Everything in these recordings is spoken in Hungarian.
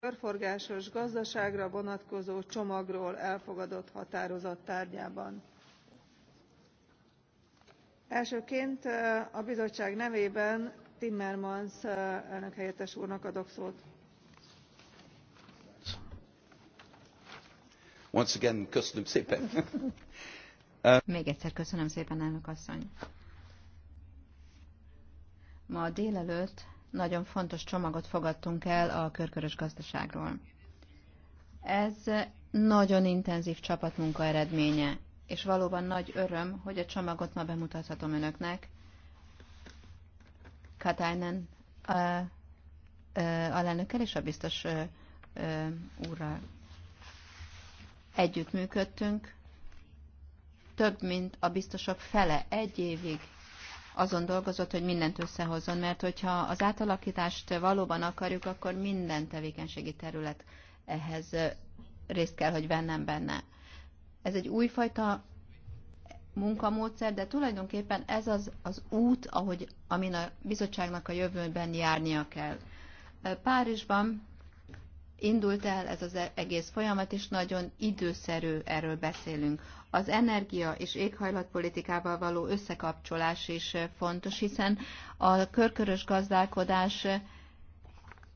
körforgásos gazdaságra vonatkozó csomagról elfogadott határozat tárgyában. elsőként a bizottság nevében timmermans elnök helyettes úrnak adok szót. Once again, köszönöm szépen. Még egyszer köszönöm szépen, elnök asszony. Ma délelőtt nagyon fontos csomagot fogadtunk el a körkörös gazdaságról. Ez nagyon intenzív csapatmunka eredménye, és valóban nagy öröm, hogy a csomagot ma bemutathatom önöknek. Katainen a, a, alelnökkel és a biztos a, a, úrral. Együttműködtünk, több mint a biztosok fele egy évig azon dolgozott, hogy mindent összehozzon, mert hogyha az átalakítást valóban akarjuk, akkor minden tevékenységi terület ehhez részt kell, hogy vennem benne. Ez egy újfajta munkamódszer, de tulajdonképpen ez az, az út, ahogy, amin a bizottságnak a jövőben járnia kell. Párizsban indult el ez az e-, egész folyamat, és nagyon időszerű erről beszélünk az energia és éghajlatpolitikával való összekapcsolás is fontos, hiszen a körkörös gazdálkodás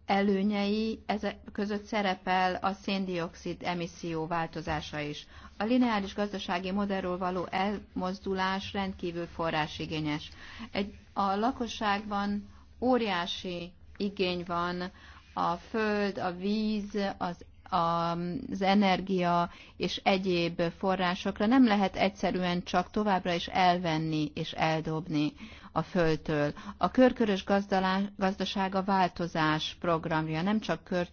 előnyei ezek között szerepel a széndiokszid emisszió változása is. A lineáris gazdasági modellről való elmozdulás rendkívül forrásigényes. Egy, a lakosságban óriási igény van a föld, a víz, az az energia és egyéb forrásokra nem lehet egyszerűen csak továbbra is elvenni és eldobni a földtől. A körkörös gazdaság a változás programja, nem csak kör,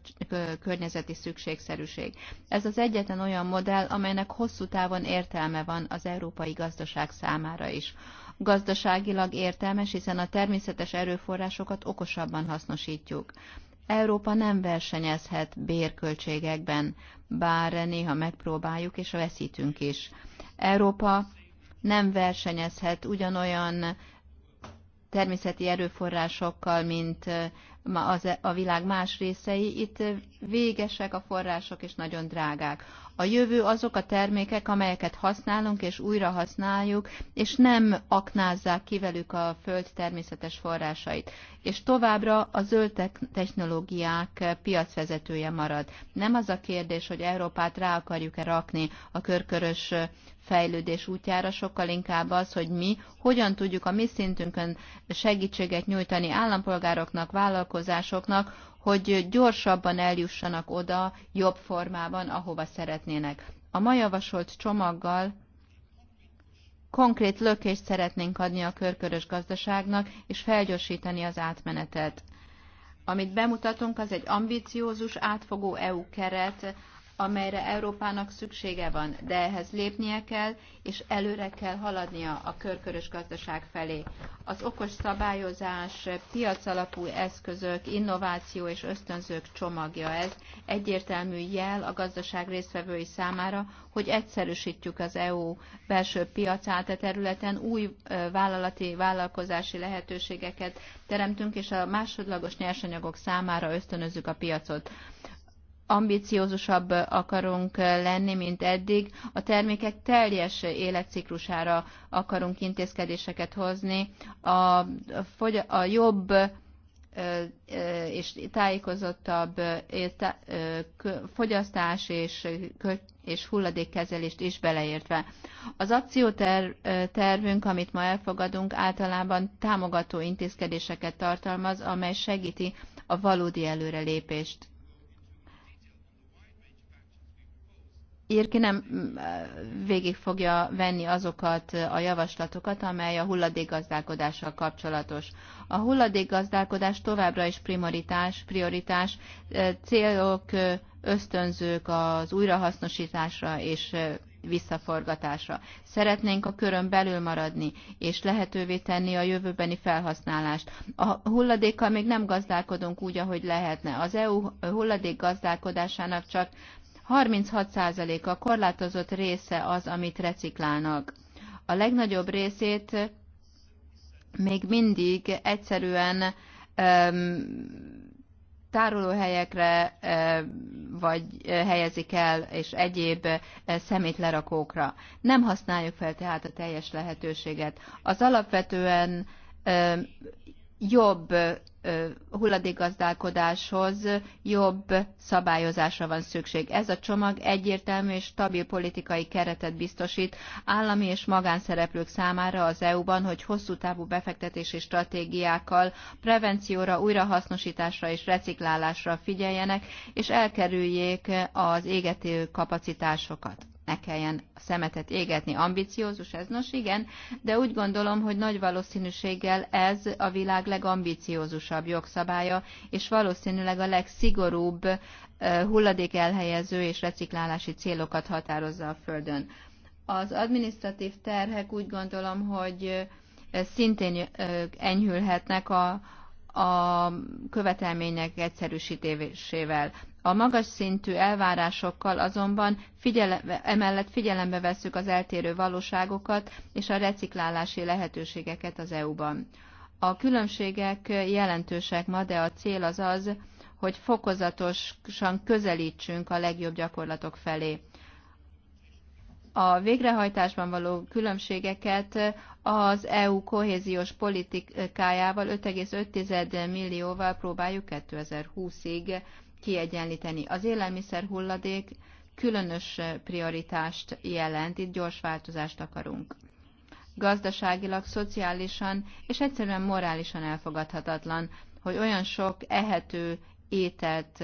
környezeti szükségszerűség. Ez az egyetlen olyan modell, amelynek hosszú távon értelme van az európai gazdaság számára is gazdaságilag értelmes, hiszen a természetes erőforrásokat okosabban hasznosítjuk. Európa nem versenyezhet bérköltségekben, bár néha megpróbáljuk és veszítünk is. Európa nem versenyezhet ugyanolyan természeti erőforrásokkal, mint az, e, a világ más részei. Itt végesek a források, és nagyon drágák. A jövő azok a termékek, amelyeket használunk és újra használjuk, és nem aknázzák ki velük a föld természetes forrásait. És továbbra a zöld technológiák piacvezetője marad. Nem az a kérdés, hogy Európát rá akarjuk-e rakni a körkörös fejlődés útjára, sokkal inkább az, hogy mi hogyan tudjuk a mi szintünkön segítséget nyújtani állampolgároknak, vállalkozásoknak, hogy gyorsabban eljussanak oda jobb formában, ahova szeretnének. A ma javasolt csomaggal konkrét lökést szeretnénk adni a körkörös gazdaságnak, és felgyorsítani az átmenetet. Amit bemutatunk, az egy ambiciózus, átfogó EU keret, amelyre Európának szüksége van, de ehhez lépnie kell, és előre kell haladnia a körkörös gazdaság felé. Az okos szabályozás, piacalapú eszközök, innováció és ösztönzők csomagja ez egyértelmű jel a gazdaság résztvevői számára, hogy egyszerűsítjük az EU belső piacát a e területen, új vállalati, vállalkozási lehetőségeket teremtünk, és a másodlagos nyersanyagok számára ösztönözzük a piacot ambiciózusabb akarunk lenni, mint eddig. A termékek teljes életciklusára akarunk intézkedéseket hozni. A, a, a jobb és tájékozottabb fogyasztás és, és hulladékkezelést is beleértve. Az akciótervünk, amit ma elfogadunk, általában támogató intézkedéseket tartalmaz, amely segíti a valódi előrelépést. Írki nem mm, végig fogja venni azokat a javaslatokat, amely a hulladékgazdálkodással kapcsolatos. A hulladékgazdálkodás továbbra is prioritás, prioritás célok, ösztönzők az újrahasznosításra és visszaforgatásra. Szeretnénk a körön belül maradni, és lehetővé tenni a jövőbeni felhasználást. A hulladékkal még nem gazdálkodunk úgy, ahogy lehetne. Az EU hulladék gazdálkodásának csak 36%-a korlátozott része az, amit reciklálnak. A legnagyobb részét még mindig egyszerűen um, tárolóhelyekre vagy helyezik el, és egyéb szemétlerakókra. Nem használjuk fel tehát a teljes lehetőséget. Az alapvetően jobb hulladékgazdálkodáshoz jobb szabályozásra van szükség. Ez a csomag egyértelmű és stabil politikai keretet biztosít állami és magánszereplők számára az EU-ban, hogy hosszú távú befektetési stratégiákkal prevencióra, újrahasznosításra és reciklálásra figyeljenek, és elkerüljék az égető kapacitásokat ne kelljen szemetet égetni. Ambiciózus ez? Nos igen, de úgy gondolom, hogy nagy valószínűséggel ez a világ legambiciózusabb jogszabálya, és valószínűleg a legszigorúbb hulladék elhelyező és reciklálási célokat határozza a Földön. Az administratív terhek úgy gondolom, hogy szintén enyhülhetnek a, a követelmények egyszerűsítésével. A magas szintű elvárásokkal azonban figyele, emellett figyelembe vesszük az eltérő valóságokat és a reciklálási lehetőségeket az EU-ban. A különbségek jelentősek ma, de a cél az az, hogy fokozatosan közelítsünk a legjobb gyakorlatok felé. A végrehajtásban való különbségeket az EU kohéziós politikájával 5,5 millióval próbáljuk 2020-ig kiegyenlíteni. Az élelmiszer hulladék különös prioritást jelent, itt gyors változást akarunk. Gazdaságilag, szociálisan és egyszerűen morálisan elfogadhatatlan, hogy olyan sok ehető ételt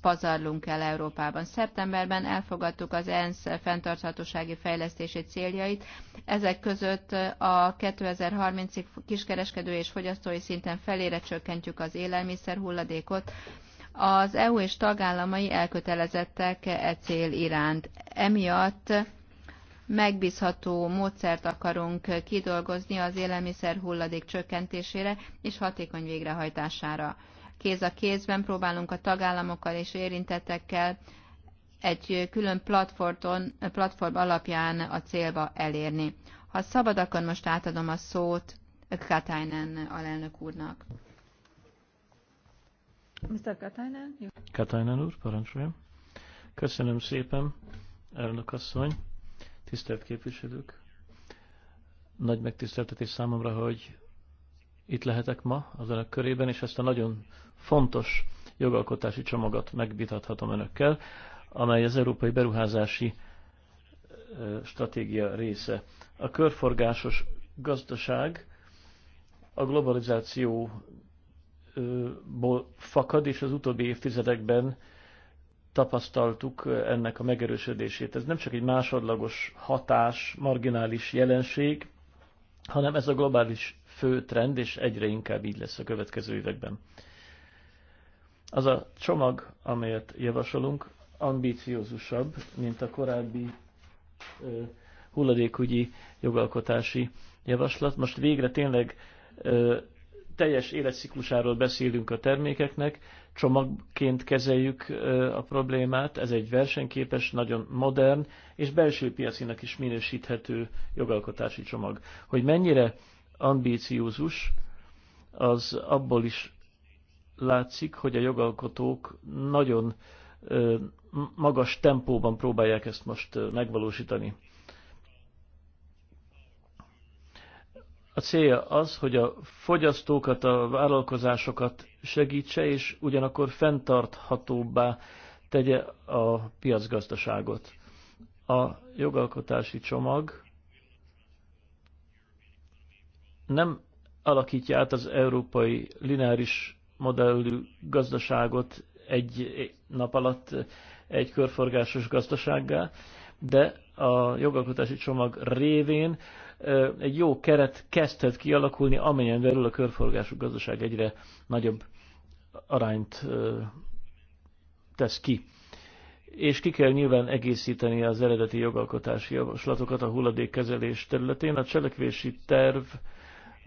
pazarlunk el Európában. Szeptemberben elfogadtuk az ENSZ fenntarthatósági fejlesztési céljait. Ezek között a 2030-ig kiskereskedő és fogyasztói szinten felére csökkentjük az élelmiszer hulladékot, az EU és tagállamai elkötelezettek e cél iránt. Emiatt megbízható módszert akarunk kidolgozni az élelmiszer hulladék csökkentésére és hatékony végrehajtására. Kéz a kézben próbálunk a tagállamokkal és érintettekkel egy külön platformon, platform alapján a célba elérni. Ha szabad, akkor most átadom a szót Katainen alelnök úrnak. Mr. Katainen? Katainen úr, parancsoljon. Köszönöm szépen, elnök asszony, tisztelt képviselők. Nagy megtiszteltetés számomra, hogy itt lehetek ma az önök körében, és ezt a nagyon fontos jogalkotási csomagot megvitathatom önökkel, amely az Európai Beruházási Stratégia része. A körforgásos gazdaság a globalizáció fakad, és az utóbbi évtizedekben tapasztaltuk ennek a megerősödését. Ez nem csak egy másodlagos hatás, marginális jelenség, hanem ez a globális fő trend, és egyre inkább így lesz a következő években. Az a csomag, amelyet javasolunk, ambíciózusabb, mint a korábbi ö, hulladékügyi jogalkotási javaslat. Most végre tényleg ö, teljes életciklusáról beszélünk a termékeknek, csomagként kezeljük a problémát, ez egy versenyképes, nagyon modern és belső piacinak is minősíthető jogalkotási csomag. Hogy mennyire ambíciózus, az abból is látszik, hogy a jogalkotók nagyon magas tempóban próbálják ezt most megvalósítani. a célja az, hogy a fogyasztókat, a vállalkozásokat segítse, és ugyanakkor fenntarthatóbbá tegye a piacgazdaságot. A jogalkotási csomag nem alakítja át az európai lineáris modellű gazdaságot egy nap alatt egy körforgásos gazdasággá, de a jogalkotási csomag révén egy jó keret kezdhet kialakulni, amelyen belül a körforgású gazdaság egyre nagyobb arányt tesz ki. És ki kell nyilván egészíteni az eredeti jogalkotási javaslatokat a hulladékkezelés területén. A cselekvési terv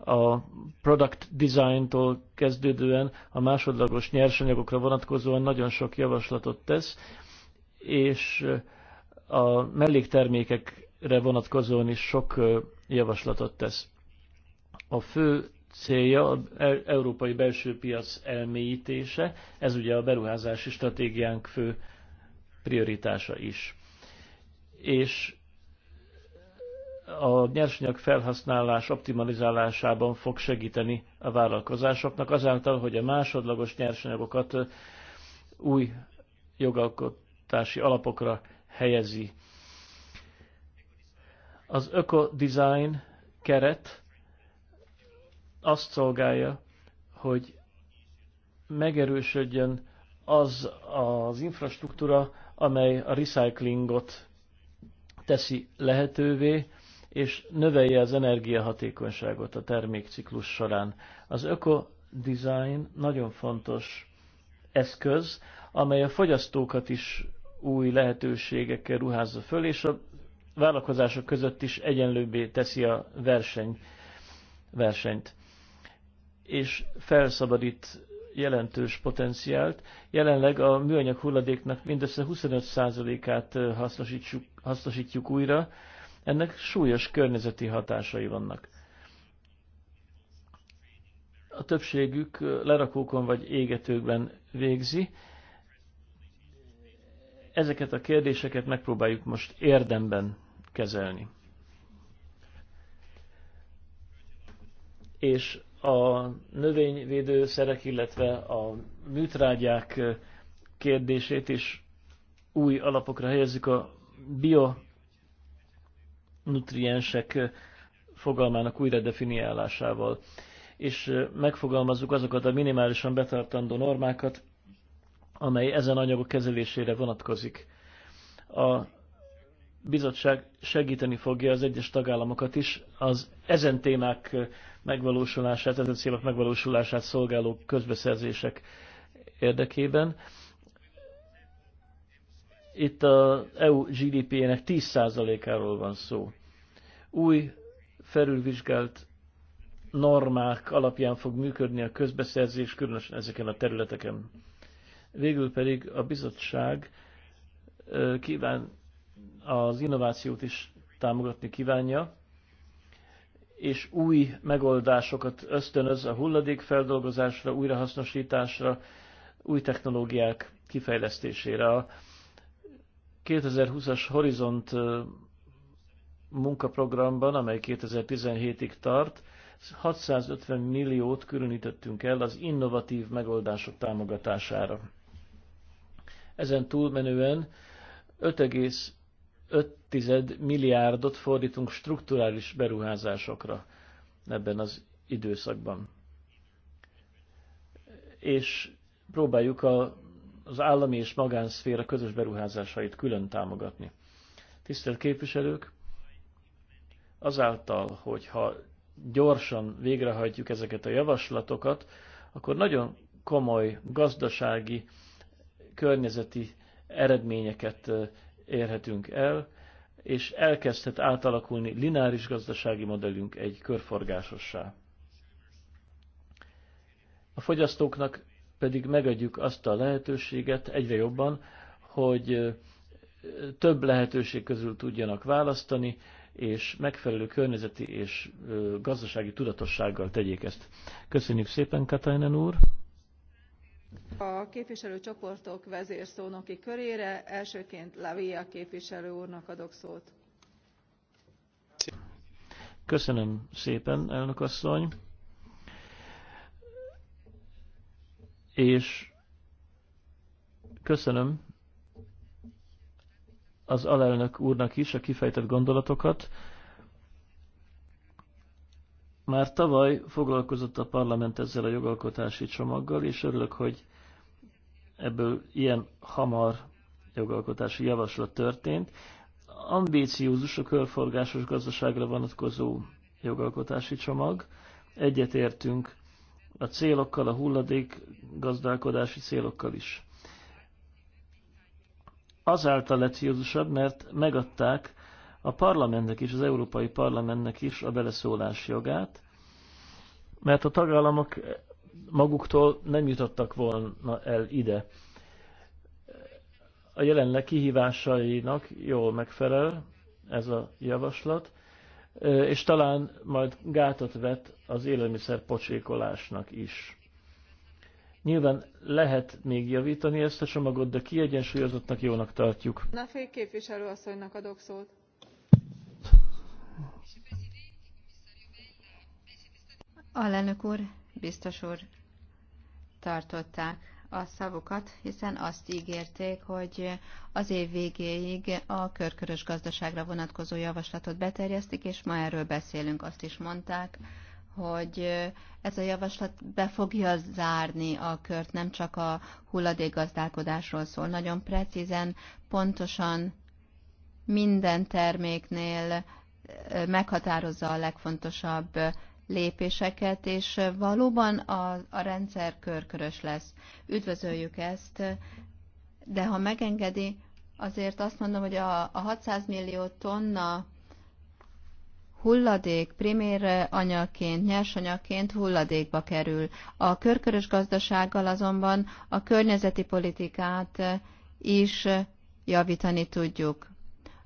a product design-tól kezdődően a másodlagos nyersanyagokra vonatkozóan nagyon sok javaslatot tesz, és a melléktermékek vonatkozóan is sok javaslatot tesz. A fő célja az e-, európai belső piac elmélyítése, ez ugye a beruházási stratégiánk fő prioritása is. És a nyersanyag felhasználás optimalizálásában fog segíteni a vállalkozásoknak azáltal, hogy a másodlagos nyersanyagokat új jogalkotási alapokra helyezi az ökodizájn keret azt szolgálja, hogy megerősödjön az az infrastruktúra, amely a recyclingot teszi lehetővé, és növelje az energiahatékonyságot a termékciklus során. Az ökodizájn nagyon fontos eszköz, amely a fogyasztókat is új lehetőségekkel ruházza föl, és a vállalkozások között is egyenlőbbé teszi a verseny, versenyt, és felszabadít jelentős potenciált. Jelenleg a műanyag hulladéknak mindössze 25%-át hasznosítjuk, hasznosítjuk újra, ennek súlyos környezeti hatásai vannak. A többségük lerakókon vagy égetőkben végzi, Ezeket a kérdéseket megpróbáljuk most érdemben kezelni. És a növényvédőszerek, illetve a műtrágyák kérdését is új alapokra helyezzük a bionutriensek fogalmának újra definiálásával, és megfogalmazzuk azokat a minimálisan betartandó normákat, amely ezen anyagok kezelésére vonatkozik. A bizottság segíteni fogja az egyes tagállamokat is az ezen témák megvalósulását, ezen célok megvalósulását szolgáló közbeszerzések érdekében. Itt az EU GDP-nek 10%-áról van szó. Új felülvizsgált normák alapján fog működni a közbeszerzés, különösen ezeken a területeken. Végül pedig a bizottság kíván az innovációt is támogatni kívánja, és új megoldásokat ösztönöz a hulladékfeldolgozásra, újrahasznosításra, új technológiák kifejlesztésére. A 2020-as Horizont munkaprogramban, amely 2017-ig tart, 650 milliót különítettünk el az innovatív megoldások támogatására. Ezen túlmenően 5,5 milliárdot fordítunk strukturális beruházásokra ebben az időszakban. És próbáljuk a, az állami és magánszféra közös beruházásait külön támogatni. Tisztelt képviselők, azáltal, hogyha gyorsan végrehajtjuk ezeket a javaslatokat, akkor nagyon komoly gazdasági környezeti eredményeket érhetünk el, és elkezdhet átalakulni lineáris gazdasági modellünk egy körforgásossá. A fogyasztóknak pedig megadjuk azt a lehetőséget egyre jobban, hogy több lehetőség közül tudjanak választani, és megfelelő környezeti és gazdasági tudatossággal tegyék ezt. Köszönjük szépen, Katajnen úr! a képviselőcsoportok vezérszónoki körére elsőként la via képviselő úrnak adok szót. Köszönöm szépen, elnök asszony. És köszönöm az alelnök úrnak is a kifejtett gondolatokat. Már tavaly foglalkozott a parlament ezzel a jogalkotási csomaggal, és örülök, hogy ebből ilyen hamar jogalkotási javaslat történt. Ambíciózus a körforgásos gazdaságra vonatkozó jogalkotási csomag. Egyetértünk a célokkal, a hulladék gazdálkodási célokkal is. Azáltal lett józusabb, mert megadták a parlamentnek is, az Európai Parlamentnek is a beleszólás jogát, mert a tagállamok maguktól nem jutottak volna el ide. A jelenleg kihívásainak jól megfelel ez a javaslat, és talán majd gátat vet az élelmiszer pocsékolásnak is. Nyilván lehet még javítani ezt a csomagot, de kiegyensúlyozottnak jónak tartjuk. Na, fél képviselő asszonynak adok szót. Alelnök úr, biztos úr tartották a szavukat, hiszen azt ígérték, hogy az év végéig a körkörös gazdaságra vonatkozó javaslatot beterjesztik, és ma erről beszélünk. Azt is mondták, hogy ez a javaslat be fogja zárni a kört, nem csak a hulladékgazdálkodásról szól. Nagyon precízen, pontosan minden terméknél meghatározza a legfontosabb lépéseket, és valóban a, a rendszer körkörös lesz. Üdvözöljük ezt, de ha megengedi, azért azt mondom, hogy a, a 600 millió tonna hulladék primér anyagként, nyersanyagként hulladékba kerül. A körkörös gazdasággal azonban a környezeti politikát is javítani tudjuk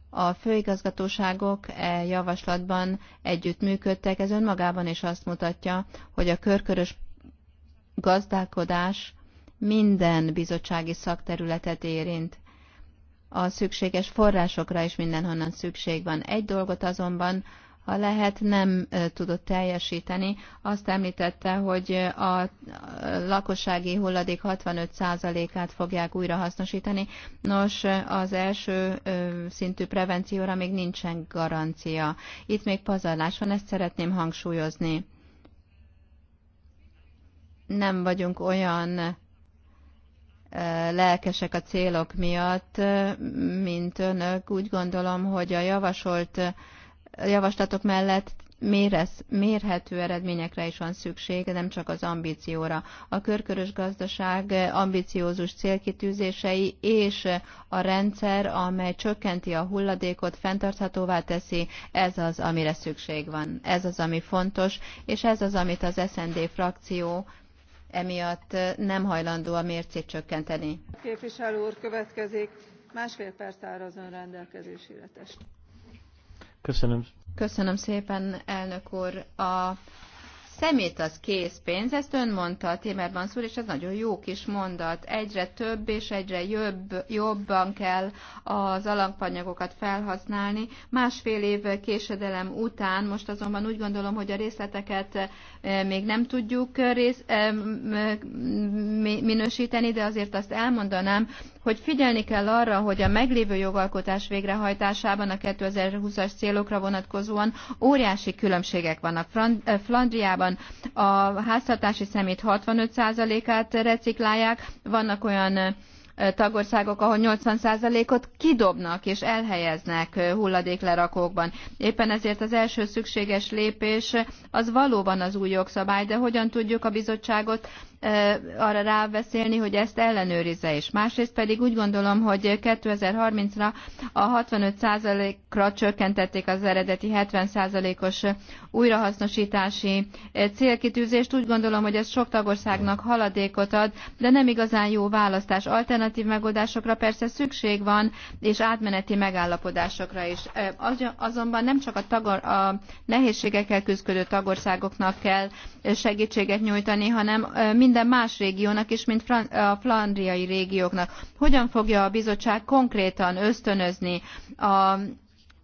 a főigazgatóságok e javaslatban együttműködtek, ez önmagában is azt mutatja, hogy a körkörös gazdálkodás minden bizottsági szakterületet érint. A szükséges forrásokra is mindenhonnan szükség van. Egy dolgot azonban ha lehet nem tudott teljesíteni. Azt említette, hogy a lakossági hulladék 65%-át fogják újrahasznosítani. Nos, az első szintű prevencióra még nincsen garancia. Itt még pazarlás van, ezt szeretném hangsúlyozni. Nem vagyunk olyan lelkesek a célok miatt, mint önök. Úgy gondolom, hogy a javasolt javaslatok mellett mérhez, mérhető eredményekre is van szükség, nem csak az ambícióra. A körkörös gazdaság ambiciózus célkitűzései és a rendszer, amely csökkenti a hulladékot, fenntarthatóvá teszi, ez az, amire szükség van. Ez az, ami fontos, és ez az, amit az SND frakció emiatt nem hajlandó a mércét csökkenteni. Képviselő úr, következik. Másfél perc áll az ön rendelkezésére test. Köszönöm. Köszönöm szépen, elnök úr. A szemét az készpénz, ezt ön mondta a témában szól, és ez nagyon jó kis mondat. Egyre több és egyre jobb, jobban kell az alapanyagokat felhasználni. Másfél év késedelem után, most azonban úgy gondolom, hogy a részleteket eh, még nem tudjuk rész, eh, minősíteni, de azért azt elmondanám, hogy figyelni kell arra, hogy a meglévő jogalkotás végrehajtásában a 2020-as célokra vonatkozóan óriási különbségek vannak. Eh, Flandriában a háztartási szemét 65%-át reciklálják, vannak olyan eh, tagországok, ahol 80%-ot kidobnak és elhelyeznek eh, hulladéklerakókban. Éppen ezért az első szükséges lépés az valóban az új jogszabály, de hogyan tudjuk a bizottságot arra rábeszélni, hogy ezt ellenőrizze is. Másrészt pedig úgy gondolom, hogy 2030-ra a 65%-ra csökkentették az eredeti 70%-os újrahasznosítási célkitűzést. Úgy gondolom, hogy ez sok tagországnak haladékot ad, de nem igazán jó választás. Alternatív megoldásokra persze szükség van, és átmeneti megállapodásokra is. Azonban nem csak a, tagor, a nehézségekkel küzdő tagországoknak kell segítséget nyújtani, hanem mind minden más régiónak is, mint a flandriai régióknak. Hogyan fogja a bizottság konkrétan ösztönözni a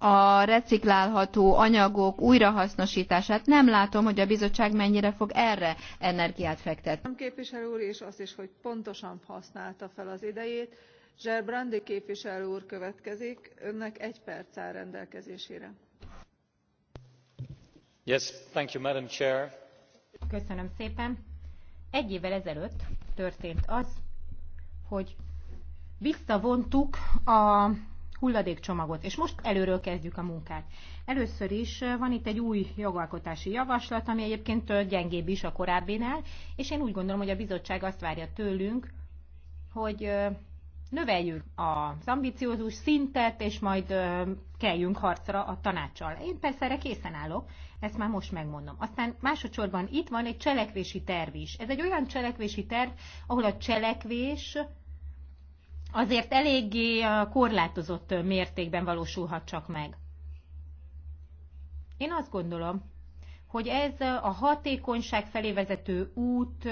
a reciklálható anyagok újrahasznosítását. Nem látom, hogy a bizottság mennyire fog erre energiát fektetni. Nem képviselő úr, és azt is, hogy pontosan használta fel az idejét. Zserbrandi képviselő úr következik, önnek egy perc áll rendelkezésére. Yes, thank you, Madam Chair. Köszönöm szépen. Egy évvel ezelőtt történt az, hogy visszavontuk a hulladékcsomagot, és most előről kezdjük a munkát. Először is van itt egy új jogalkotási javaslat, ami egyébként gyengébb is a korábbinál, és én úgy gondolom, hogy a bizottság azt várja tőlünk, hogy növeljük az ambiciózus szintet, és majd keljünk harcra a tanácssal. Én persze erre készen állok, ezt már most megmondom. Aztán másodszorban itt van egy cselekvési terv is. Ez egy olyan cselekvési terv, ahol a cselekvés azért eléggé eh, korlátozott eh, mértékben valósulhat csak meg. Én azt gondolom, hogy ez eh, a hatékonyság felé vezető út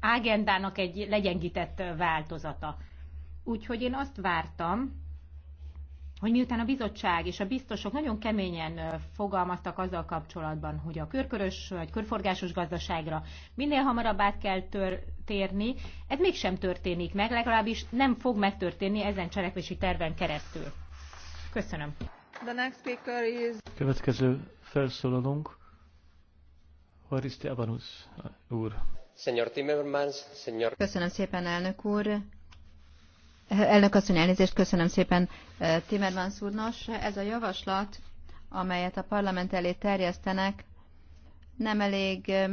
ágendának egy legyengített változata. Úgyhogy én azt vártam, hogy miután a bizottság és a biztosok nagyon keményen fogalmaztak azzal kapcsolatban, hogy a körkörös vagy körforgásos gazdaságra minél hamarabb át kell tör, térni, ez mégsem történik meg, legalábbis nem fog megtörténni ezen cselekvési terven keresztül. Köszönöm. The next speaker is... Következő felszólalunk, Hariszti Abanus úr. Señor Timmermans, señor... Köszönöm szépen, elnök úr. Elnök asszony, elnézést köszönöm szépen eh, Timmermans úrnos. Ez a javaslat, amelyet a parlament elé terjesztenek, nem elég eh,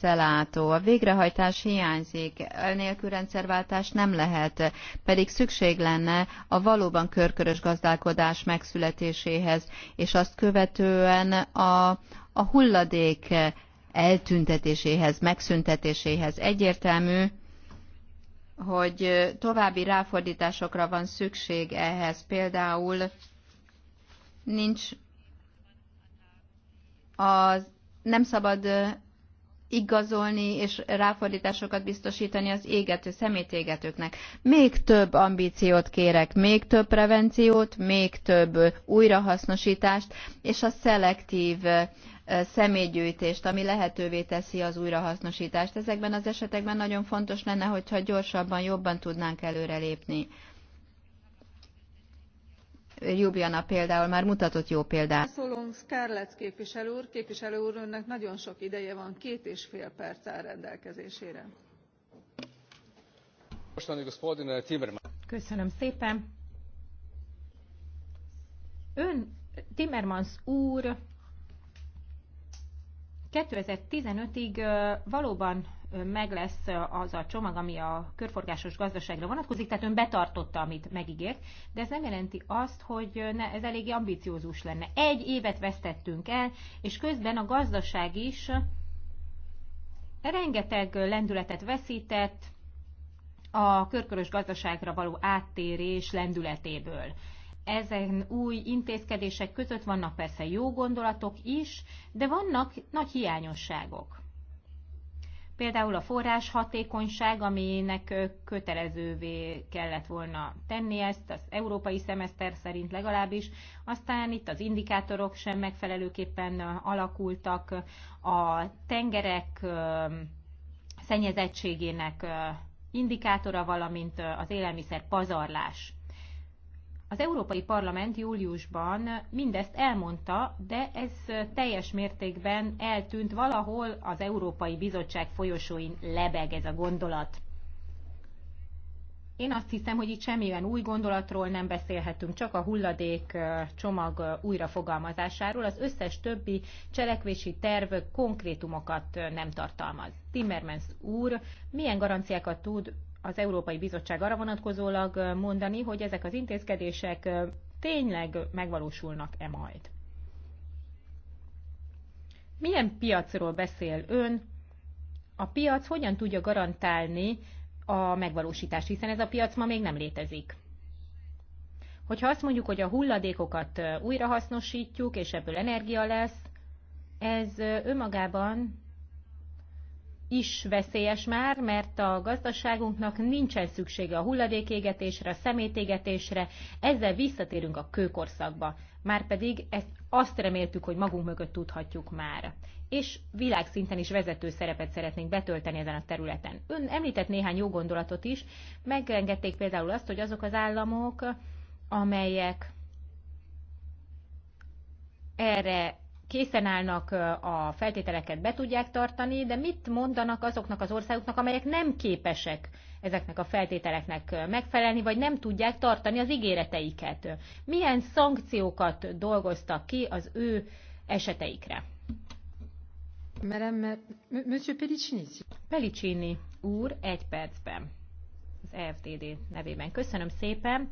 messzelátó. A végrehajtás hiányzik, nélkül rendszerváltás nem lehet, pedig szükség lenne a valóban körkörös gazdálkodás megszületéséhez, és azt követően a, a hulladék eh, eltüntetéséhez, megszüntetéséhez. Egyértelmű, hogy további ráfordításokra van szükség ehhez. Például nincs az nem szabad igazolni és ráfordításokat biztosítani az égető szemétégetőknek. Még több ambíciót kérek, még több prevenciót, még több újrahasznosítást, és a szelektív személygyűjtést, ami lehetővé teszi az újrahasznosítást. Ezekben az esetekben nagyon fontos lenne, hogyha gyorsabban, jobban tudnánk előrelépni. Ljubljana például már mutatott jó példát. Szólunk Scarlett képviselő úr, képviselő úr, önnek nagyon sok ideje van, két és fél perc áll rendelkezésére. Köszönöm szépen. Ön, Timmermans úr, 2015-ig valóban meg lesz az a csomag, ami a körforgásos gazdaságra vonatkozik, tehát ön betartotta, amit megígért, de ez nem jelenti azt, hogy ne, ez eléggé ambiciózus lenne. Egy évet vesztettünk el, és közben a gazdaság is rengeteg lendületet veszített a körkörös gazdaságra való áttérés lendületéből ezen új intézkedések között vannak persze jó gondolatok is, de vannak nagy hiányosságok. Például a forrás hatékonyság, aminek kötelezővé kellett volna tenni ezt, az európai szemeszter szerint legalábbis. Aztán itt az indikátorok sem megfelelőképpen alakultak, a tengerek szennyezettségének indikátora, valamint az élelmiszer pazarlás az Európai Parlament júliusban mindezt elmondta, de ez teljes mértékben eltűnt valahol az Európai Bizottság folyosóin lebeg ez a gondolat. Én azt hiszem, hogy itt semmilyen új gondolatról nem beszélhetünk, csak a hulladék csomag újrafogalmazásáról. Az összes többi cselekvési terv konkrétumokat nem tartalmaz. Timmermans úr milyen garanciákat tud az Európai Bizottság arra vonatkozólag mondani, hogy ezek az intézkedések tényleg megvalósulnak-e majd. Milyen piacról beszél ön? A piac hogyan tudja garantálni a megvalósítást, hiszen ez a piac ma még nem létezik. Hogyha azt mondjuk, hogy a hulladékokat újrahasznosítjuk, és ebből energia lesz, ez önmagában is veszélyes már, mert a gazdaságunknak nincsen szüksége a hulladékégetésre, a szemétégetésre, ezzel visszatérünk a kőkorszakba. Márpedig ezt azt reméltük, hogy magunk mögött tudhatjuk már. És világszinten is vezető szerepet szeretnénk betölteni ezen a területen. Ön említett néhány jó gondolatot is, megengedték például azt, hogy azok az államok, amelyek erre készen állnak a feltételeket be tudják tartani, de mit mondanak azoknak az országoknak, amelyek nem képesek ezeknek a feltételeknek megfelelni, vagy nem tudják tartani az ígéreteiket? Milyen szankciókat dolgoztak ki az ő eseteikre? Madame, Monsieur Pellicini. Pellicini úr, egy percben. Az EFDD nevében. Köszönöm szépen.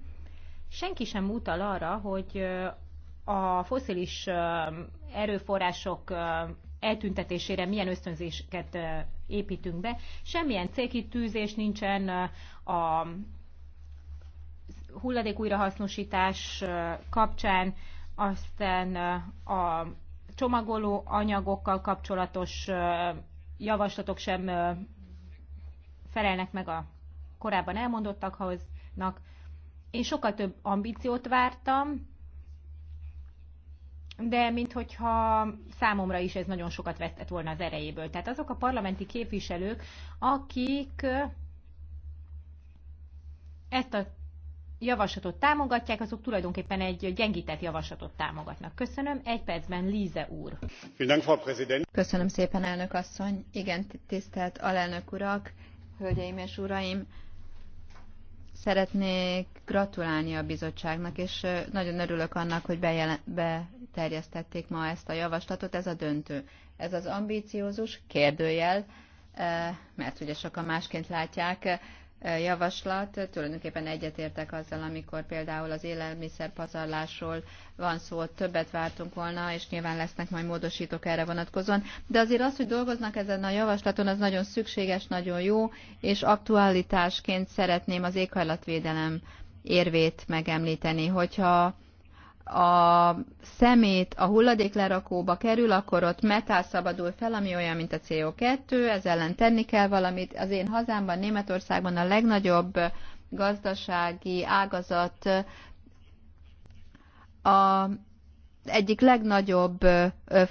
Senki sem utal arra, hogy a foszilis erőforrások eltüntetésére milyen ösztönzéseket építünk be. Semmilyen célkitűzés nincsen a hulladék újrahasznosítás kapcsán, aztán a csomagoló anyagokkal kapcsolatos javaslatok sem felelnek meg a korábban elmondottakhoz. Én sokkal több ambíciót vártam, de minthogyha számomra is ez nagyon sokat vesztett volna az erejéből. Tehát azok a parlamenti képviselők, akik ezt a javaslatot támogatják, azok tulajdonképpen egy gyengített javaslatot támogatnak. Köszönöm. Egy percben Líze úr. Köszönöm szépen, elnök asszony. Igen, tisztelt alelnök urak, hölgyeim és uraim. Szeretnék gratulálni a bizottságnak, és nagyon örülök annak, hogy bejelen, be terjesztették ma ezt a javaslatot, ez a döntő. Ez az ambíciózus kérdőjel, eh, mert ugye sokan másként látják, eh, javaslat. Tulajdonképpen egyetértek azzal, amikor például az élelmiszerpazarlásról van szó, többet vártunk volna, és nyilván lesznek majd módosítók erre vonatkozóan. De azért az, hogy dolgoznak ezen a javaslaton, az nagyon szükséges, nagyon jó, és aktualitásként szeretném az éghajlatvédelem érvét megemlíteni, hogyha a szemét a hulladéklerakóba kerül, akkor ott metál szabadul fel, ami olyan, mint a CO2, ez ellen tenni kell valamit. Az én hazámban, Németországban a legnagyobb gazdasági ágazat a egyik legnagyobb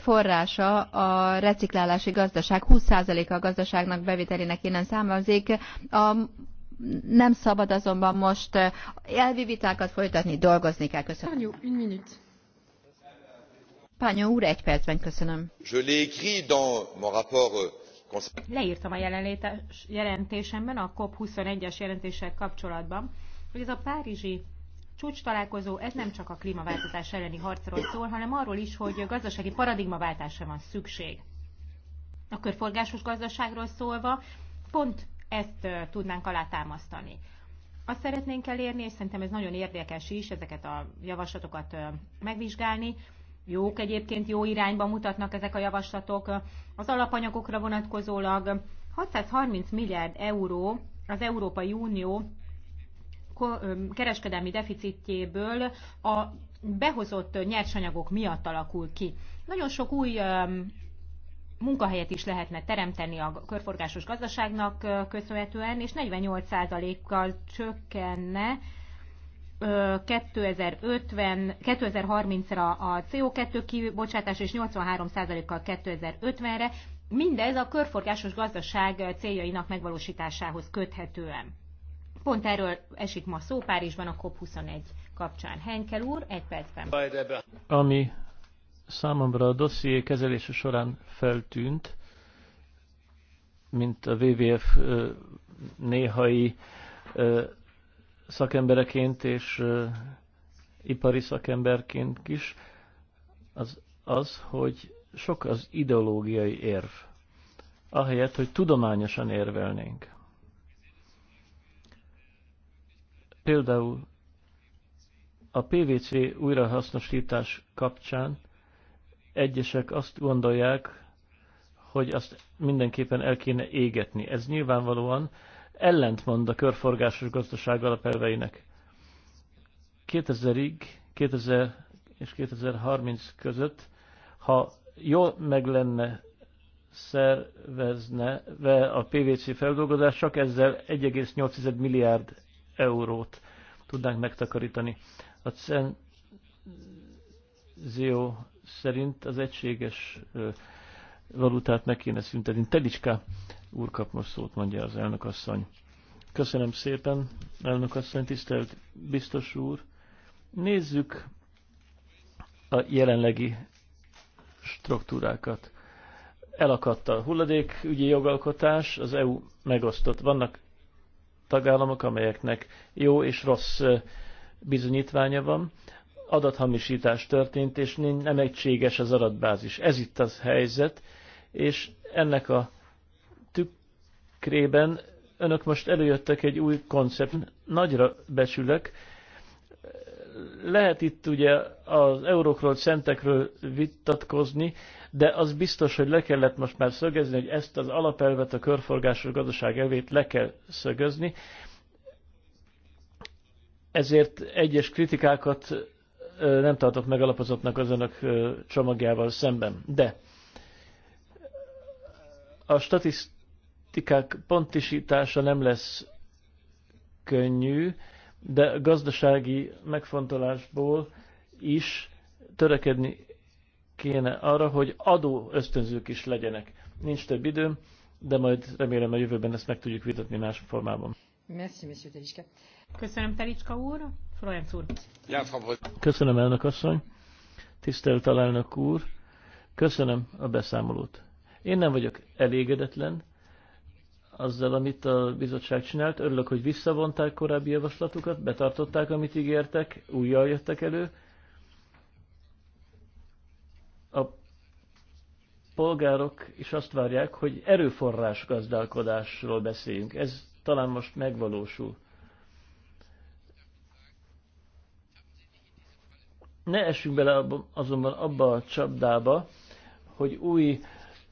forrása a reciklálási gazdaság, 20% a gazdaságnak bevételének innen származik. A nem szabad azonban most eh, elvi vitákat folytatni, dolgozni kell. Köszönöm. Pányó, une minute. Pányó úr, egy percben köszönöm. Je l'ai écrit dans mon rapport euh, Leírtam a jelenlétes jelentésemben a COP21-es jelentéssel kapcsolatban, hogy ez a párizsi csúcs találkozó, ez nem csak a klímaváltozás elleni harcról szól, hanem arról is, hogy gazdasági paradigmaváltásra van szükség. A körforgásos gazdaságról szólva pont ezt tudnánk alátámasztani. Azt szeretnénk elérni, és szerintem ez nagyon érdekes is, ezeket a javaslatokat megvizsgálni. Jók egyébként, jó irányba mutatnak ezek a javaslatok. Az alapanyagokra vonatkozólag 630 milliárd euró az Európai Unió kereskedelmi deficitjéből a behozott nyersanyagok miatt alakul ki. Nagyon sok új munkahelyet is lehetne teremteni a körforgásos gazdaságnak köszönhetően, és 48%-kal csökkenne 2050, 2030-ra a CO2 kibocsátás, és 83%-kal 2050-re. Mindez a körforgásos gazdaság céljainak megvalósításához köthetően. Pont erről esik ma szó Párizsban a COP21 kapcsán. Henkel úr, egy percben. Ami számomra a dosszié kezelése során feltűnt, mint a WWF néhai szakembereként és ipari szakemberként is, az, az, hogy sok az ideológiai érv, ahelyett, hogy tudományosan érvelnénk. Például a PVC újrahasznosítás kapcsán egyesek azt gondolják, hogy azt mindenképpen el kéne égetni. Ez nyilvánvalóan ellentmond a körforgásos gazdaság alapelveinek. 2000-ig, 2000 és 2030 között, ha jól meg lenne szervezne ve a PVC feldolgozás, csak ezzel 1,8 milliárd eurót tudnánk megtakarítani. A cenzió szerint az egységes valutát meg kéne szüntetni. Telicska úr kap most szót, mondja az elnökasszony. Köszönöm szépen, elnökasszony, tisztelt biztos úr. Nézzük a jelenlegi struktúrákat. Elakadt a hulladékügyi jogalkotás, az EU megosztott. Vannak tagállamok, amelyeknek jó és rossz bizonyítványa van adathamisítás történt, és nem egységes az adatbázis. Ez itt az helyzet, és ennek a tükrében önök most előjöttek egy új koncept, nagyra becsülök. Lehet itt ugye az eurókról, centekről vitatkozni, de az biztos, hogy le kellett most már szögezni, hogy ezt az alapelvet, a körforgásos gazdaság elvét le kell szögezni. Ezért egyes kritikákat nem tartok megalapozottnak az önök csomagjával szemben. De a statisztikák pontisítása nem lesz könnyű, de gazdasági megfontolásból is törekedni kéne arra, hogy adó ösztönzők is legyenek. Nincs több időm, de majd remélem a jövőben ezt meg tudjuk vitatni más formában. Merci, Monsieur Köszönöm, Telicska úr. Florenc úr. Köszönöm, elnök asszony. Tisztelt alelnök úr. Köszönöm a beszámolót. Én nem vagyok elégedetlen azzal, amit a bizottság csinált. Örülök, hogy visszavonták korábbi javaslatukat, betartották, amit ígértek, újjal jöttek elő. A polgárok is azt várják, hogy erőforrás gazdálkodásról beszéljünk. Ez talán most megvalósul. Ne essünk bele azonban abba a csapdába, hogy új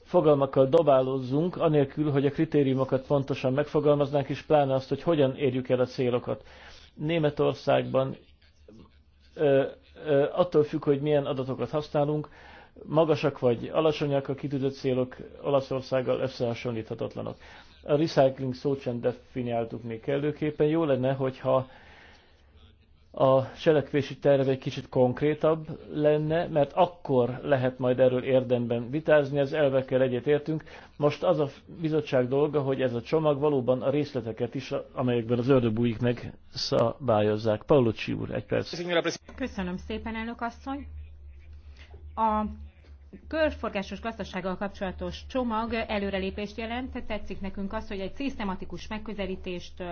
fogalmakkal dobálózzunk, anélkül, hogy a kritériumokat pontosan megfogalmaznánk, és pláne azt, hogy hogyan érjük el a célokat. Németországban ö, ö, attól függ, hogy milyen adatokat használunk, magasak vagy alacsonyak a kitűzött célok, Olaszországgal összehasonlíthatatlanok. A recycling szót sem definiáltuk még kellőképpen. Jó lenne, hogyha a cselekvési terve egy kicsit konkrétabb lenne, mert akkor lehet majd erről érdemben vitázni, az elvekkel egyetértünk. Most az a bizottság dolga, hogy ez a csomag valóban a részleteket is, amelyekben az ördöbújik szabályozzák. Paulucci úr, egy perc. Köszönöm szépen, elnök asszony. A körforgásos gazdasággal kapcsolatos csomag előrelépést jelent. Tetszik nekünk az, hogy egy szisztematikus megközelítést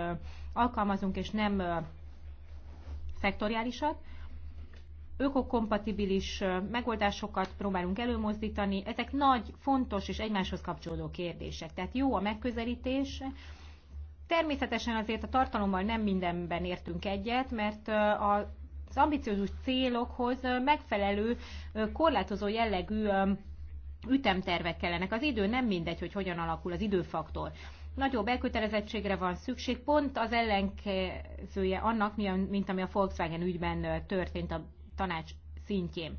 alkalmazunk, és nem szektoriálisat, ökokompatibilis megoldásokat próbálunk előmozdítani. Ezek nagy, fontos és egymáshoz kapcsolódó kérdések. Tehát jó a megközelítés. Természetesen azért a tartalommal nem mindenben értünk egyet, mert az ambiciózus célokhoz megfelelő korlátozó jellegű ütemtervek kellenek. Az idő nem mindegy, hogy hogyan alakul az időfaktor nagyobb elkötelezettségre van szükség, pont az ellenkezője annak, mint ami a Volkswagen ügyben történt a tanács szintjén.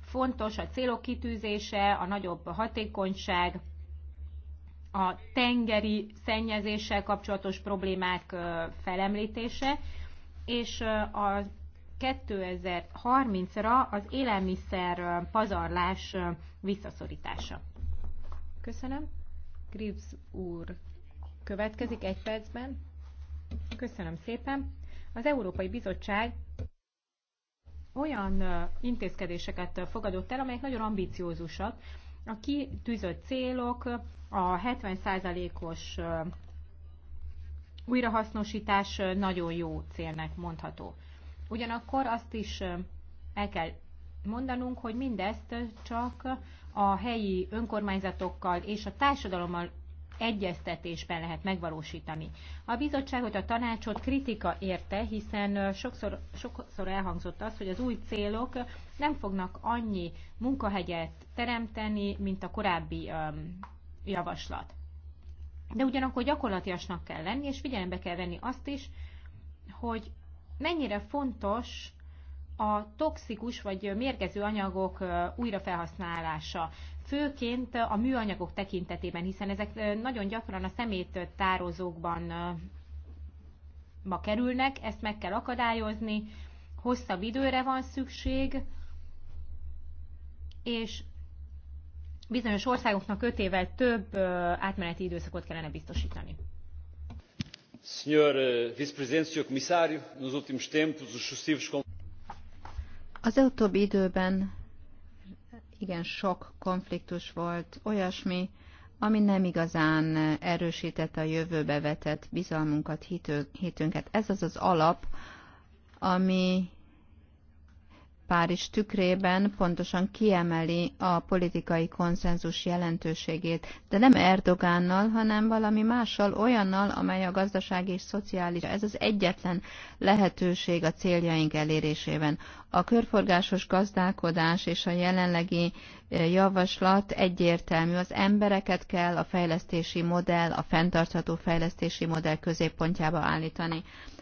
Fontos a célok kitűzése, a nagyobb hatékonyság, a tengeri szennyezéssel kapcsolatos problémák felemlítése, és a 2030-ra az élelmiszer pazarlás visszaszorítása. Köszönöm. Grips úr következik egy percben. Köszönöm szépen. Az Európai Bizottság olyan intézkedéseket fogadott el, amelyek nagyon ambiciózusak. A kitűzött célok, a 70%-os újrahasznosítás nagyon jó célnek mondható. Ugyanakkor azt is el kell mondanunk, hogy mindezt csak a helyi önkormányzatokkal és a társadalommal egyeztetésben lehet megvalósítani. A bizottságot, a tanácsot kritika érte, hiszen sokszor, sokszor elhangzott az, hogy az új célok nem fognak annyi munkahelyet teremteni, mint a korábbi um, javaslat. De ugyanakkor gyakorlatiasnak kell lenni, és figyelembe kell venni azt is, hogy mennyire fontos a toxikus vagy mérgező anyagok újrafelhasználása főként a műanyagok tekintetében, hiszen ezek nagyon gyakran a szemét tározókban ma kerülnek, ezt meg kell akadályozni, hosszabb időre van szükség, és bizonyos országoknak 5 évvel több átmeneti időszakot kellene biztosítani. Senhor eh, vice-presidente, nos últimos tempos os sucessivos Az utóbbi időben igen sok konfliktus volt, olyasmi, ami nem igazán erősítette a jövőbe vetett bizalmunkat, hitünket. Ez az az alap, ami Párizs tükrében pontosan kiemeli a politikai konszenzus jelentőségét, de nem Erdogánnal, hanem valami mással, olyannal, amely a gazdasági és szociális. Ez az egyetlen lehetőség a céljaink elérésében. A körforgásos gazdálkodás és a jelenlegi e, javaslat egyértelmű. Az embereket kell a fejlesztési modell, a fenntartható fejlesztési modell középpontjába állítani.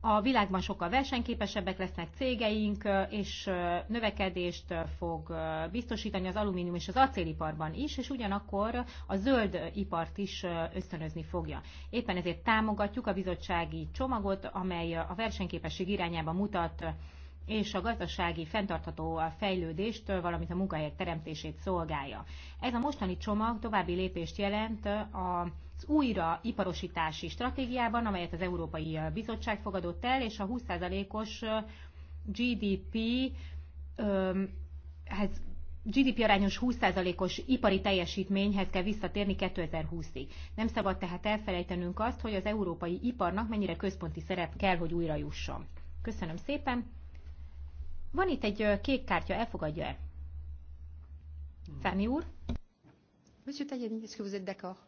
a világban sokkal versenyképesebbek lesznek cégeink, és növekedést fog biztosítani az alumínium és az acéliparban is, és ugyanakkor a zöld ipart is ösztönözni fogja. Éppen ezért támogatjuk a bizottsági csomagot, amely a versenyképesség irányába mutat, és a gazdasági fenntartható fejlődést, valamint a munkahelyek teremtését szolgálja. Ez a mostani csomag további lépést jelent a újraiparosítási stratégiában, amelyet az Európai Bizottság fogadott el, és a 20%-os GDP hez GDP arányos 20%-os ipari teljesítményhez kell visszatérni 2020-ig. Nem szabad tehát elfelejtenünk azt, hogy az európai iparnak mennyire központi szerep kell, hogy újra jusson. Köszönöm szépen. Van itt egy kék kártya, elfogadja e Fanny úr? Monsieur Tajani, est-ce que vous êtes d'accord?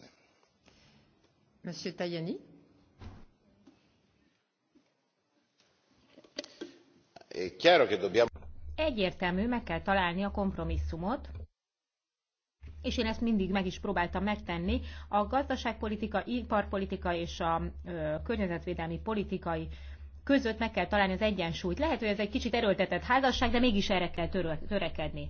változni. Monsieur Tajani? Egyértelmű, meg kell találni a kompromisszumot, és én ezt mindig meg is próbáltam megtenni. A gazdaságpolitika, iparpolitika és a ö, környezetvédelmi politikai között meg kell találni az egyensúlyt. Lehet, hogy ez egy kicsit erőltetett házasság, de mégis erre kell törekedni.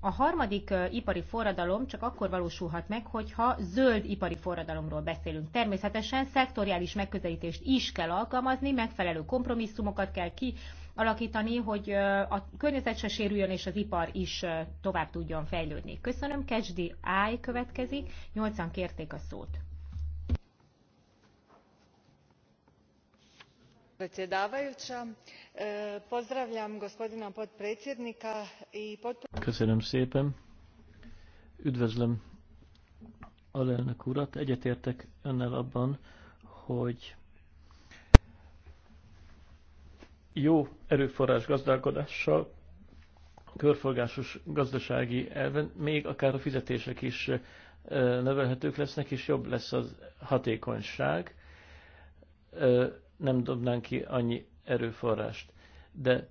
A harmadik ipari forradalom csak akkor valósulhat meg, hogyha zöld ipari forradalomról beszélünk. Természetesen szektoriális megközelítést is kell alkalmazni, megfelelő kompromisszumokat kell ki alakítani, hogy a környezet se sérüljön, és az ipar is tovább tudjon fejlődni. Köszönöm, Kecsdi Áj következik, 80 kérték a szót. E, Köszönöm szépen. Üdvözlöm alelnök urat. Egyetértek önnel abban, hogy jó erőforrás gazdálkodással, körforgásos gazdasági elven még akár a fizetések is e, növelhetők lesznek, és jobb lesz az hatékonyság e, nem dobnánk ki annyi erőforrást. De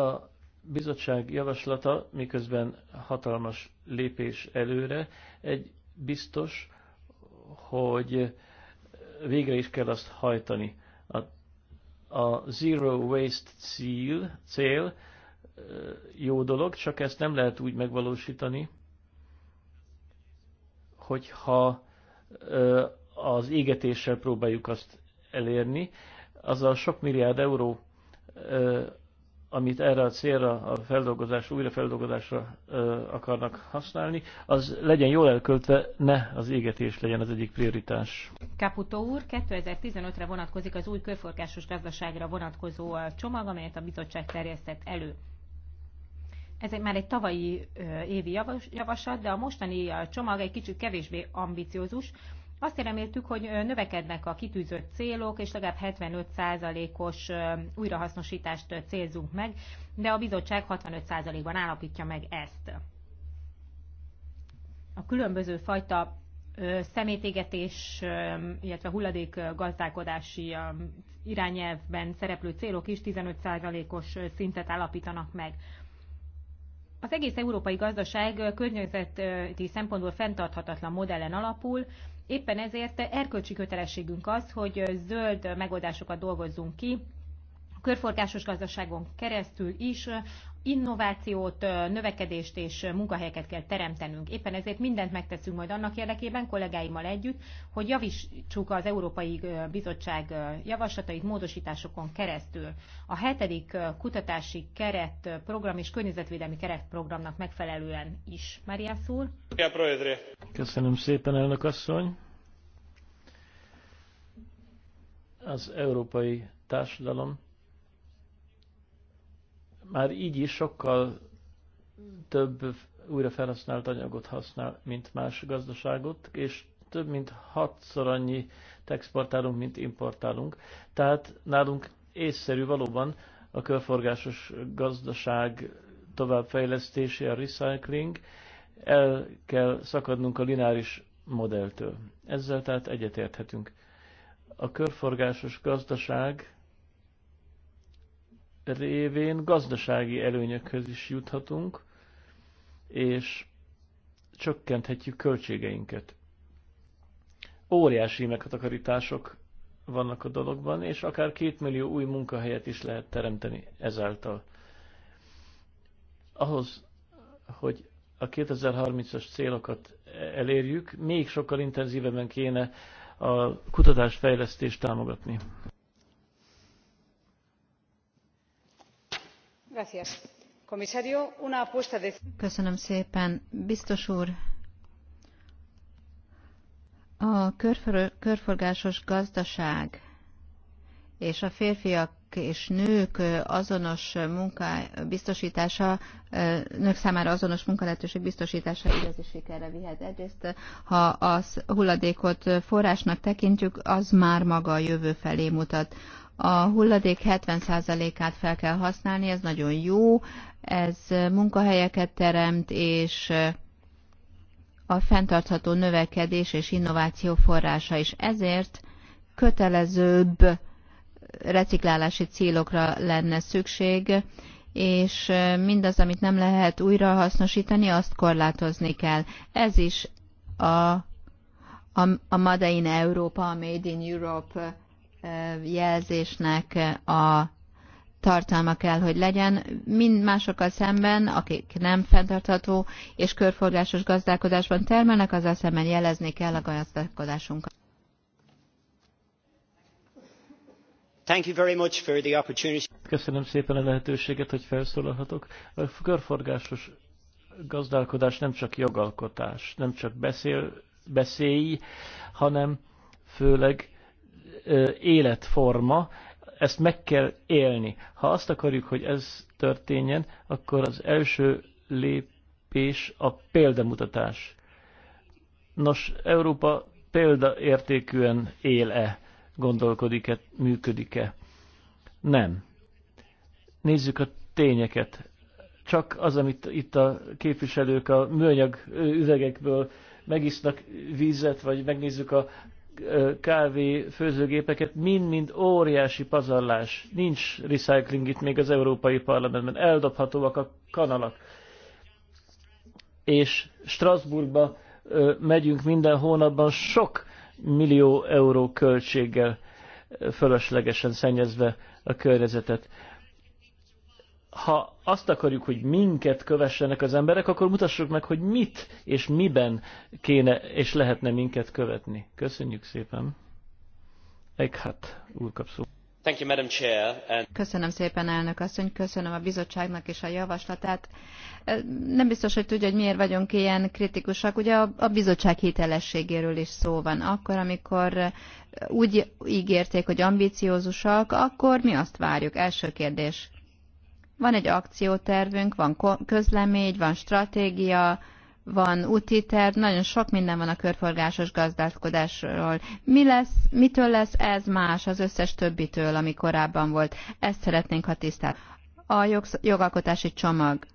a bizottság javaslata, miközben hatalmas lépés előre, egy biztos, hogy végre is kell azt hajtani. A, a zero waste cél, cél jó dolog, csak ezt nem lehet úgy megvalósítani, hogyha az égetéssel próbáljuk azt elérni, az a sok milliárd euró, amit erre a célra, a feldolgozás, újrafeldolgozásra akarnak használni, az legyen jól elköltve, ne az égetés legyen az egyik prioritás. Caputo úr, 2015-re vonatkozik az új körforgásos gazdaságra vonatkozó csomag, amelyet a bizottság terjesztett elő. Ez egy már egy tavalyi évi javaslat, de a mostani csomag egy kicsit kevésbé ambiciózus, azt reméltük, hogy növekednek a kitűzött célok, és legalább 75%-os újrahasznosítást célzunk meg, de a bizottság 65%-ban állapítja meg ezt. A különböző fajta szemétégetés, illetve hulladék gazdálkodási irányelvben szereplő célok is 15%-os szintet állapítanak meg. Az egész európai gazdaság környezeti szempontból fenntarthatatlan modellen alapul, Éppen ezért erkölcsi kötelességünk az, hogy zöld megoldásokat dolgozzunk ki, körforgásos gazdaságon keresztül is innovációt, növekedést és munkahelyeket kell teremtenünk. Éppen ezért mindent megteszünk majd annak érdekében, kollégáimmal együtt, hogy javítsuk az Európai Bizottság javaslatait módosításokon keresztül. A hetedik kutatási keretprogram és környezetvédelmi keretprogramnak megfelelően is. Maria Szúr. Köszönöm szépen, elnök asszony. Az európai társadalom már így is sokkal több újra felhasznált anyagot használ, mint más gazdaságot, és több mint hatszor annyi exportálunk, mint importálunk. Tehát nálunk észszerű valóban a körforgásos gazdaság továbbfejlesztése, a recycling, el kell szakadnunk a lineáris modelltől. Ezzel tehát egyetérthetünk. A körforgásos gazdaság révén gazdasági előnyökhöz is juthatunk, és csökkenthetjük költségeinket. Óriási meghatakarítások vannak a dologban, és akár két millió új munkahelyet is lehet teremteni ezáltal. Ahhoz, hogy a 2030-as célokat elérjük, még sokkal intenzívebben kéne a kutatásfejlesztést támogatni. Köszönöm szépen, biztos úr. A körforgásos gazdaság és a férfiak és nők azonos munka biztosítása, nők számára azonos munkalehetőség biztosítása igazi sikerre vihet. Egyrészt, ha a hulladékot forrásnak tekintjük, az már maga a jövő felé mutat. A hulladék 70%-át fel kell használni, ez nagyon jó, ez munkahelyeket teremt, és eh, a fenntartható növekedés és innováció forrása is. Ezért kötelezőbb eh, reciklálási célokra lenne szükség, és eh, mindaz, amit nem lehet újrahasznosítani, azt korlátozni kell. Ez is a, a, a Made in Europe, a Made in Europe jelzésnek a tartalma kell, hogy legyen, mind másokkal szemben, akik nem fenntartható és körforgásos gazdálkodásban termelnek, azzal szemben jelezni kell a gazdálkodásunkat. Thank you very much for the opportunity. Köszönöm szépen a lehetőséget, hogy felszólalhatok. A körforgásos gazdálkodás nem csak jogalkotás, nem csak beszél, beszélj, hanem főleg életforma, ezt meg kell élni. Ha azt akarjuk, hogy ez történjen, akkor az első lépés a példamutatás. Nos, Európa példaértékűen él-e, gondolkodik-e, működik-e? Nem. Nézzük a tényeket. Csak az, amit itt a képviselők a műanyag üvegekből megisznak vízet, vagy megnézzük a kávé főzőgépeket mind-mind óriási pazarlás. Nincs recycling itt még az Európai Parlamentben. Eldobhatóak a kanalak. És Strasbourgba megyünk minden hónapban sok millió euró költséggel fölöslegesen szennyezve a környezetet ha azt akarjuk, hogy minket kövessenek az emberek, akkor mutassuk meg, hogy mit és miben kéne és lehetne minket követni. Köszönjük szépen. Eckhart úr kapszó. Köszönöm szépen, elnök asszony, köszönöm a bizottságnak is a javaslatát. Nem biztos, hogy tudja, hogy miért vagyunk ilyen kritikusak. Ugye a, a bizottság hitelességéről is szó van. Akkor, amikor úgy ígérték, hogy ambiciózusak, akkor mi azt várjuk? Első kérdés van egy akciótervünk, van közlemény, van stratégia, van úti terv, nagyon sok minden van a körforgásos gazdálkodásról. Mi lesz, mitől lesz ez más az összes többitől, ami korábban volt? Ezt szeretnénk, ha tisztát. A jogsz- jogalkotási csomag.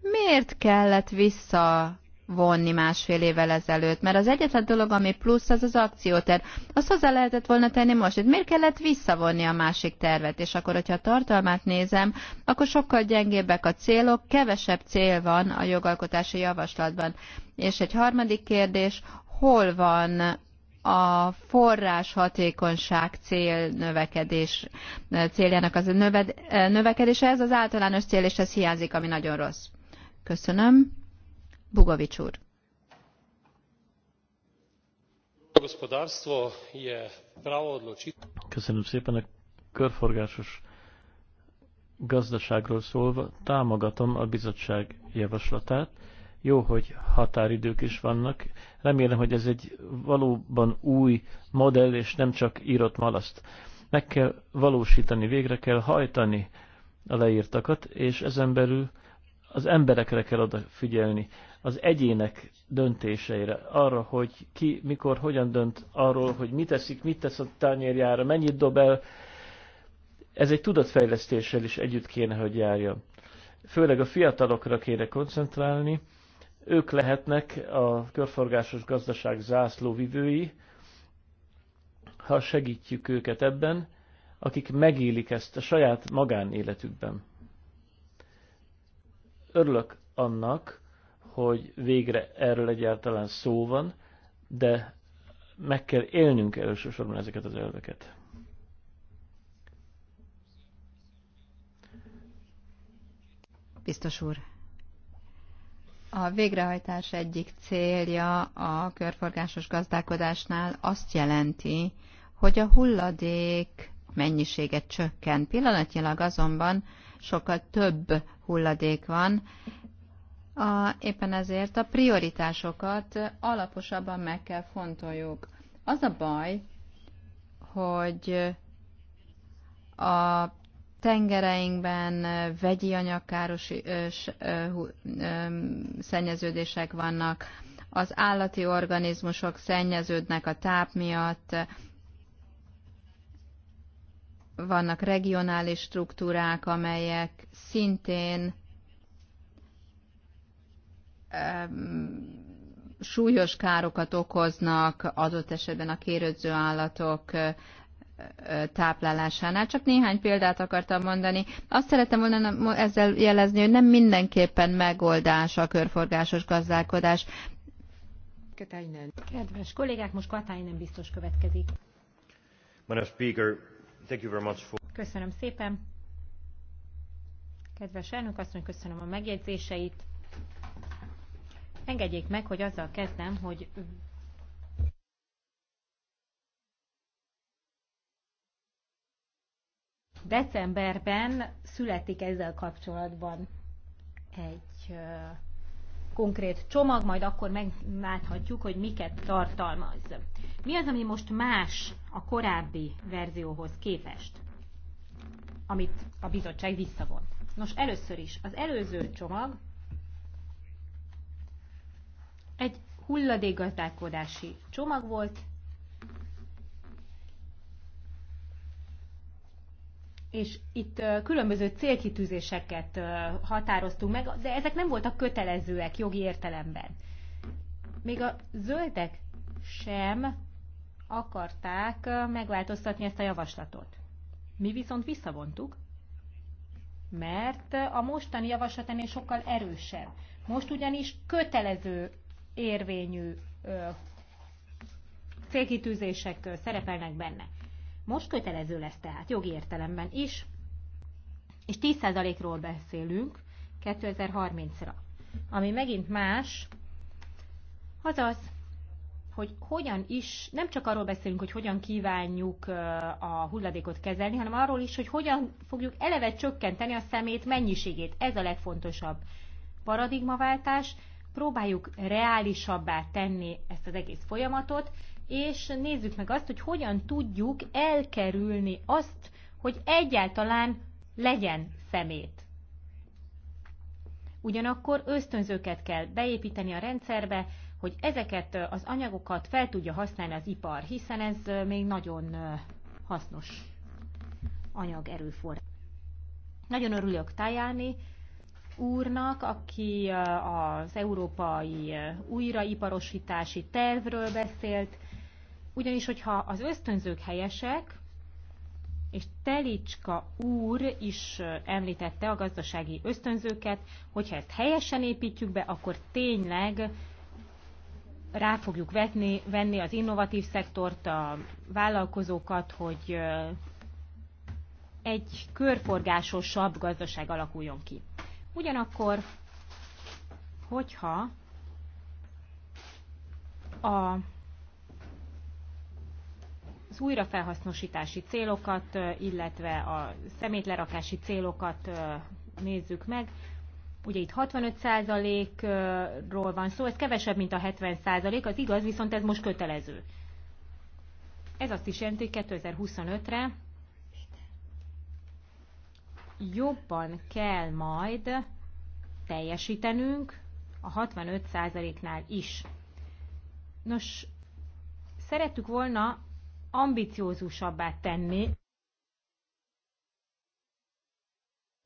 Miért kellett vissza vonni másfél évvel ezelőtt. Mert az egyetlen dolog, ami plusz, az az akcióterv. Azt hozzá lehetett volna tenni most, hogy miért kellett visszavonni a másik tervet, és akkor, hogyha a tartalmát nézem, akkor sokkal gyengébbek a célok, kevesebb cél van a jogalkotási javaslatban. És egy harmadik kérdés, hol van a forrás hatékonyság cél növekedés céljának az növekedése. Ez az általános cél, és ez hiányzik, ami nagyon rossz. Köszönöm. Bugovics úr. Köszönöm szépen a körforgásos gazdaságról szólva támogatom a bizottság javaslatát. Jó, hogy határidők is vannak. Remélem, hogy ez egy valóban új modell, és nem csak írott malaszt. Meg kell valósítani, végre kell hajtani a leírtakat, és ezen belül az emberekre kell odafigyelni, az egyének döntéseire, arra, hogy ki, mikor, hogyan dönt arról, hogy mit teszik, mit tesz a tányérjára, mennyit dob el. Ez egy tudatfejlesztéssel is együtt kéne, hogy járjon. Főleg a fiatalokra kéne koncentrálni, ők lehetnek a körforgásos gazdaság zászlóvivői, ha segítjük őket ebben, akik megélik ezt a saját magánéletükben. Örülök annak, hogy végre erről egyáltalán szó van, de meg kell élnünk elsősorban ezeket az elveket. Biztos úr. A végrehajtás egyik célja a körforgásos gazdálkodásnál azt jelenti, hogy a hulladék mennyisége csökken. Pillanatnyilag azonban sokkal több hulladék van. A, éppen ezért a prioritásokat alaposabban meg kell fontoljuk. Az a baj, hogy a tengereinkben vegyi anyagkáros szennyeződések vannak, az állati organizmusok szennyeződnek a táp miatt, vannak regionális struktúrák, amelyek szintén súlyos károkat okoznak adott esetben a kérődző állatok táplálásánál. Csak néhány példát akartam mondani. Azt szeretem volna ezzel jelezni, hogy nem mindenképpen megoldás a körforgásos gazdálkodás. Kedves kollégák, most Katáinen biztos következik. Madam Speaker, Köszönöm szépen. Kedves elnök mondjuk, köszönöm a megjegyzéseit. Engedjék meg, hogy azzal kezdem, hogy decemberben születik ezzel kapcsolatban egy konkrét csomag, majd akkor megláthatjuk, hogy miket tartalmaz. Mi az, ami most más a korábbi verzióhoz képest, amit a bizottság visszavont? Nos, először is, az előző csomag egy hulladékgazdálkodási csomag volt, és itt különböző célkitűzéseket határoztunk meg, de ezek nem voltak kötelezőek jogi értelemben. Még a zöldek sem akarták megváltoztatni ezt a javaslatot. Mi viszont visszavontuk, mert a mostani javaslat ennél sokkal erősebb. Most ugyanis kötelező érvényű ö, célkitűzések szerepelnek benne. Most kötelező lesz tehát, jogi értelemben is, és 10%-ról beszélünk 2030-ra, ami megint más, azaz hogy hogyan is, nem csak arról beszélünk, hogy hogyan kívánjuk a hulladékot kezelni, hanem arról is, hogy hogyan fogjuk eleve csökkenteni a szemét mennyiségét. Ez a legfontosabb paradigmaváltás. Próbáljuk reálisabbá tenni ezt az egész folyamatot, és nézzük meg azt, hogy hogyan tudjuk elkerülni azt, hogy egyáltalán legyen szemét. Ugyanakkor ösztönzőket kell beépíteni a rendszerbe, hogy ezeket az anyagokat fel tudja használni az ipar, hiszen ez még nagyon hasznos anyagerőforrás. Nagyon örülök Tajáni úrnak, aki az európai újraiparosítási tervről beszélt, ugyanis, hogyha az ösztönzők helyesek, és Telicska úr is említette a gazdasági ösztönzőket, hogyha ezt helyesen építjük be, akkor tényleg rá fogjuk vetni, venni az innovatív szektort, a vállalkozókat, hogy egy körforgásosabb gazdaság alakuljon ki. Ugyanakkor, hogyha a az újrafelhasznosítási célokat, illetve a szemétlerakási célokat nézzük meg, Ugye itt 65%-ról van szó, ez kevesebb, mint a 70%, az igaz, viszont ez most kötelező. Ez azt is jelenti, hogy 2025-re jobban kell majd teljesítenünk a 65%-nál is. Nos, szerettük volna ambiciózusabbá tenni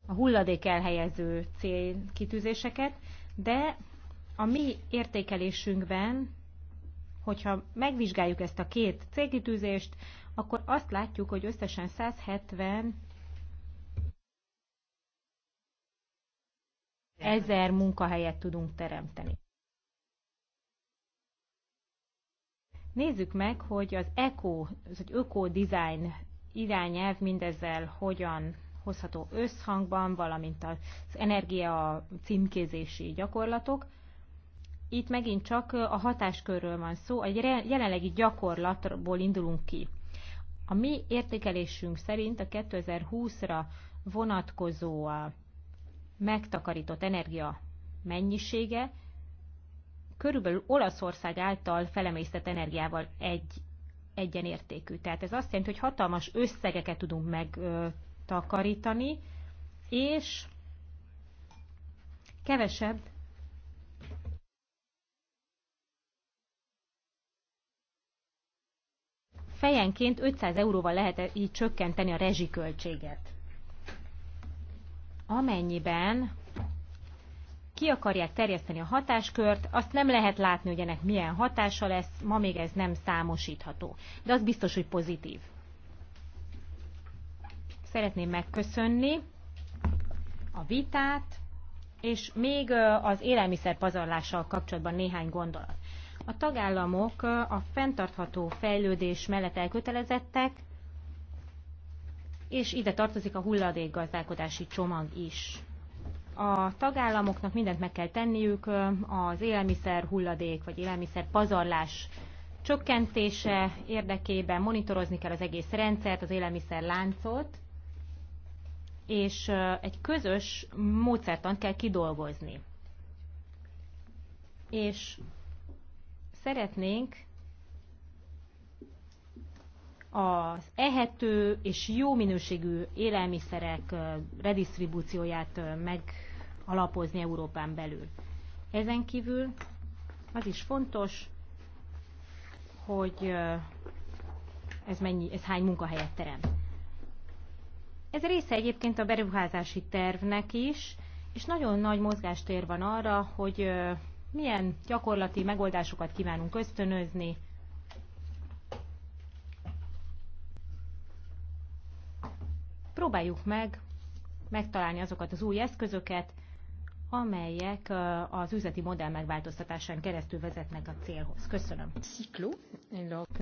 a hulladék elhelyező célkitűzéseket, de a mi értékelésünkben, hogyha megvizsgáljuk ezt a két célkitűzést, akkor azt látjuk, hogy összesen 170 ezer munkahelyet tudunk teremteni. Nézzük meg, hogy az eco, az öko-design irányelv mindezzel hogyan hozható összhangban, valamint az energia címkézési gyakorlatok. Itt megint csak a hatáskörről van szó, egy jelenlegi gyakorlatból indulunk ki. A mi értékelésünk szerint a 2020-ra vonatkozó a megtakarított energia mennyisége körülbelül Olaszország által felemésztett energiával egy egyenértékű. Tehát ez azt jelenti, hogy hatalmas összegeket tudunk meg takarítani, és kevesebb fejenként 500 euróval lehet így csökkenteni a rezsiköltséget. Amennyiben ki akarják terjeszteni a hatáskört, azt nem lehet látni, hogy ennek milyen hatása lesz, ma még ez nem számosítható. De az biztos, hogy pozitív szeretném megköszönni a vitát, és még az élelmiszer pazarlással kapcsolatban néhány gondolat. A tagállamok a fenntartható fejlődés mellett elkötelezettek, és ide tartozik a hulladékgazdálkodási csomag is. A tagállamoknak mindent meg kell tenniük az élelmiszer hulladék vagy élelmiszer pazarlás csökkentése érdekében monitorozni kell az egész rendszert, az élelmiszer láncot, és egy közös módszertant kell kidolgozni. És szeretnénk az ehető és jó minőségű élelmiszerek redistribúcióját megalapozni Európán belül. Ezen kívül az is fontos, hogy ez, mennyi, ez hány munkahelyet teremt. Ez része egyébként a beruházási tervnek is, és nagyon nagy mozgástér van arra, hogy milyen gyakorlati megoldásokat kívánunk ösztönözni. Próbáljuk meg megtalálni azokat az új eszközöket, amelyek az üzleti modell megváltoztatásán keresztül vezetnek a célhoz. Köszönöm.